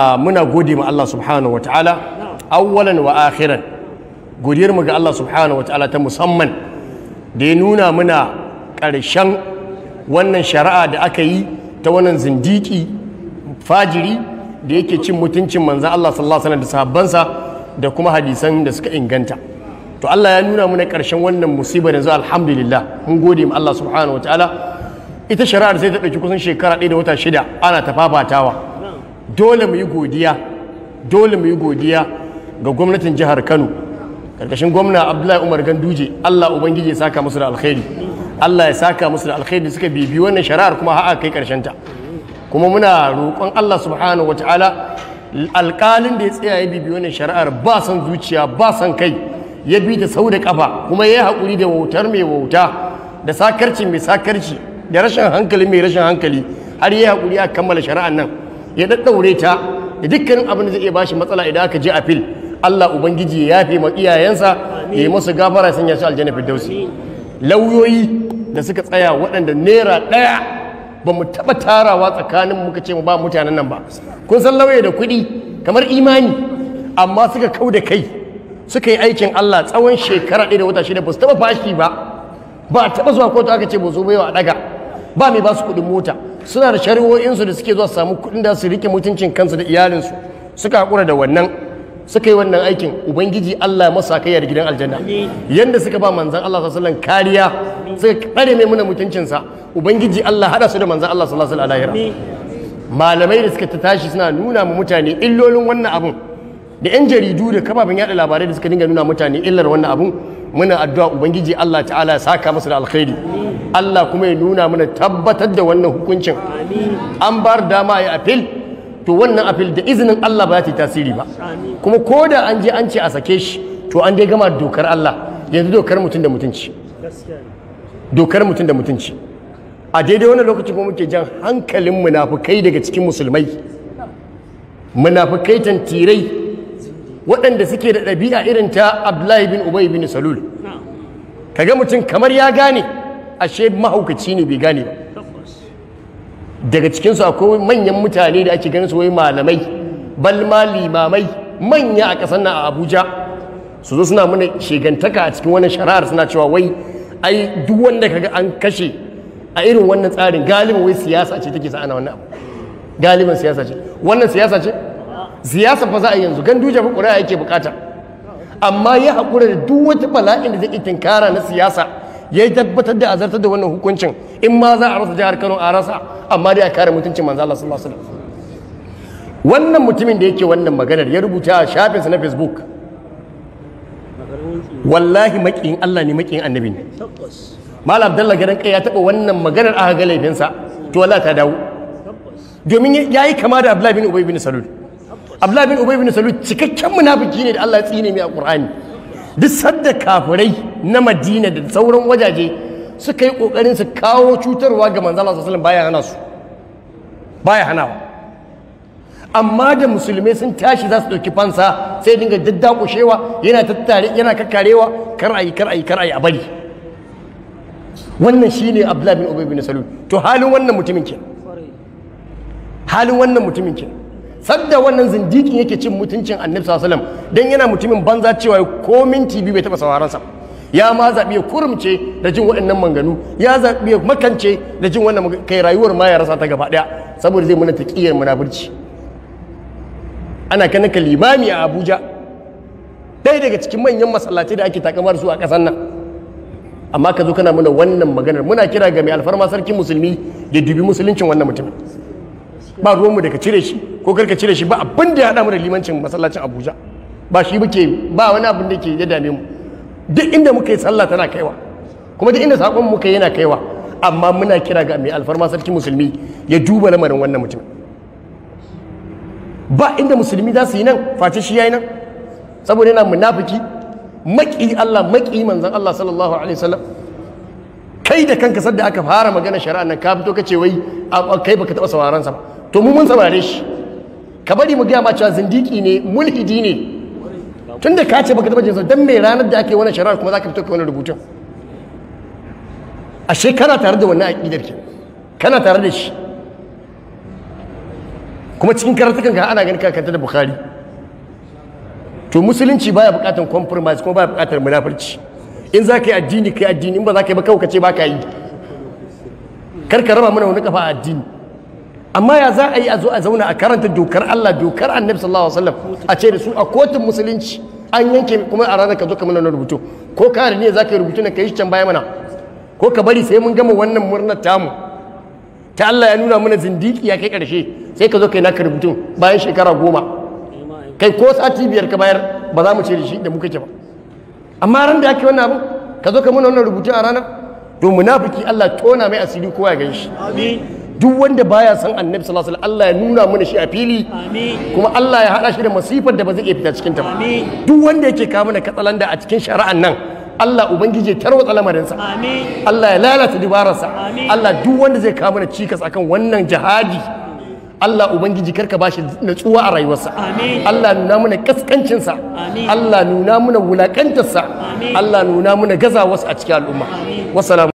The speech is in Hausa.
Ah, muna gode ma Allah subhanahu wataala awwalan wa akhiran godiyar mu ga Allah subhanahu wataala ta musamman da ya nuna muna ƙarshen wannan shari'a da aka yi ta wannan zindiki fajiri da yake cin mutuncin manzan Allah sallallahu alaihi wasallam da sahabbansa da kuma hadisan da suka inganta to Allah ya nuna muna ƙarshen wannan musibar yanzu alhamdulillah mun gode ma Allah subhanahu wataala ita shari'ar sai ta ɗauki kusan shekara ɗaya da wata shida ana tafafatawa dole mu yi godiya dole mu yi godiya ga gwamnatin jihar kano karkashin gwamna abdullahi umar ganduje allah ubangiji ya saka musu da alkhairi allah ya saka musu da alkhairi suka bibi wannan shari'ar kuma ha'a kai karshen ta kuma muna roƙon allah subhanahu wataala alƙalin da ya tsaya ya bibi wannan shari'ar ba son zuciya ba son kai ya bi da sau da kafa kuma ya yi haƙuri da wautar mai wauta da sakarci mai sakarci da rashin hankali mai rashin hankali har ya yi haƙuri a kammala shari'ar nan ya daddaure ta da dukkanin abin da zai iya bashi matsala idan aka je a fil Allah ubangiji ya yafe ma iyayensa ya yi musu gafara ya sanya shi aljanna lauyoyi da suka tsaya waɗanda naira ɗaya ba mu taɓa tarawa tsakanin muka ce mu ba mutanen nan ba kun san lauye da kuɗi kamar imani amma suka kau da kai suka yi aikin Allah tsawon shekara ɗaya da wata shida ba su taɓa fashi ba ba taɓa zuwa kotu aka ce ba zo baiwa a ɗaga ba mai ba su kuɗin mota suna da shari'o'insu da suke zuwa samu kuɗin da su rike mutuncin kansu da iyalinsu suka haƙura da wannan suka yi wannan aikin ubangiji Allah masa kai da gidan aljanna yadda suka ba manzan Allah sallallahu alaihi wasallam kariya suka kare mai muna mutuncinsa ubangiji Allah hada su da manzan Allah sallallahu alaihi malamai da suka ta tashi suna nuna mu mutane illolin wannan abun da yan jaridu da kafafen yada labarai da suka dinga nuna mutane illar wannan abun muna addu'a ubangiji Allah ta'ala ya saka masa da alkhairi Allah kuma ya nuna mana tabbatar da wannan hukuncin an bar dama ya apil to wannan fil da izinin Allah ba za ta yi tasiri ba kuma ko da an je an ce a sake shi to an dai gama dokar Allah yanzu dokar mutum da mutunci dokar mutum da mutunci a daidai wani lokacin kuma muke jan hankalin munafukai daga cikin musulmai munafukai tantirai waɗanda suke da ɗabi'a irin ta abdullahi bin ubay bin salul kaga mutum kamar ya gane ashe mahaukaci ne bai gane ba daga cikinsu akwai manyan mutane da ake ganin su wai malamai balma limamai manya a ƙasar na a abuja su zo suna mana shegantaka a cikin wannan shara'ar suna cewa wai ai duk wanda kaga an kashe a irin wannan tsarin galibin wai siyasa ce take sa wannan abu galibin siyasa ce wannan siyasa ce siyasa fa za a yanzu ganduje fa ƙuri'a yake bukata amma ya haƙura da duk wata bala'in da zai tinkara na siyasa ya tabbatar da azartar da wannan hukuncin in ma za a rasa jihar Kano a rasa amma dai a kare mutuncin manzo Allah sallallahu alaihi wasallam wannan mutumin da yake wannan maganar ya rubuta a shafinsa na Facebook wallahi makiyin Allah ne makiyin annabi ne mal abdallah garin kai ya taba wannan maganar a ga laifinsa to wala ta dawo domin yayi kama da abdullahi bin ubay bin salul abdullahi bin ubay bin salul cikakken munafiki ne da Allah ya tsine mai a qur'ani duk sadda kafirai na madina da sauran wajaje suka yi kokarin su kawo cutarwa ga manzon Allah sallallahu alaihi baya hana su baya wa amma da musulmai sun tashi za su ɗauki fansa sai dinga daddakushewa yana tattare yana kakarewa kar ayi kar ayi kar ayi a bari wannan shine abdullahi bin ubay bin salul to halin wannan mutumin ke halin wannan mutumin kenan sadda wannan zindikin yake cin mutuncin annabi sallallahu alaihi dan yana mutumin banza cewa ko minti biyu bai taba sauraronsa ya ma zabi ya kurumce da jin waɗannan manganu ya zabi ya makance da jin wannan kai rayuwar ma ya rasa ta gaba daya saboda zai muna taqiyar munafurci ana kana limami a Abuja ɗaya daga cikin manyan masallatai da ake takamar su a kasar nan amma ka zo kana mana wannan maganar muna kira ga mai alfarma sarkin musulmi da dubi musuluncin wannan mutumin ba ruwanmu daga cire shi ko karka cire shi ba abin da ya haɗa mu da limancin masallacin abuja ba shi muke ba wani abin da ke ya dame mu duk inda muka yi sallah tana kaiwa kuma duk inda sakon muka yana kaiwa amma muna kira ga mai alfarma sarki musulmi ya duba lamarin wannan mutum ba inda musulmi za su yi nan face shi yayi nan saboda yana munafiki maki Allah maki manzon Allah sallallahu alaihi wasallam kai da kanka sadda aka fara magana shari'a nan ka fito kace wai kai baka taba sauraron sa to mu mun saurare shi ka bari mu gaya ma cewa zindiki ne mulhidi ne tun da ka ce baka zama jinsa don mai ranar da ake wani shari'ar kuma za ka fito ka wani rubutun ashe kana tare da wannan aƙidar ke kana tare da shi kuma cikin karatukan ka ana ganin kakanta da bukari to musulunci baya bukatar compromise kuma baya bukatar munafurci in za ka yi addini ka yi addini in ba za ka yi ba kawai ka ce ba ka yi kar ka raba mana wani kafa a addini amma ya za a yi a zo a zauna a karanta dokar Allah dokar annabi sallallahu alaihi wasallam a ce da su a kotun musulunci an yanke kuma a ranar ka zo ka mana rubutu ko ka ne za ka yi rubutu ne ka yi can baya mana ko ka bari sai mun gama wannan murnar tamu ta Allah ya nuna mana zindiki ya kai karshe sai ka zo ka naka rubutun bayan shekara goma kai ko sati biyar ka bayar ba za mu ce da shi da muka ba amma ran da ake wannan abin ka zo ka mana wannan a ranar to munafiki Allah tona mai asiri kowa ya gan shi amin duk wanda baya san annabi sallallahu alaihi Allah ya nuna mana shi a fili kuma Allah ya hada shi da masifar da ba zai iya fita cikin ta ba duk wanda yake kawo mana katsalanda a cikin shari'an nan Allah ubangije tarwatsa lamarinsa Allah ya lalata dibararsa Allah duk wanda zai kawo mana cikas akan wannan jihadi Allah Ubangiji karka ba shi natsuwa a rayuwarsa. Allah nuna mana kaskancinsa. Allah nuna mana wulakantarsa. Allah nuna mana gazawarsa a cikin al'umma. wasalam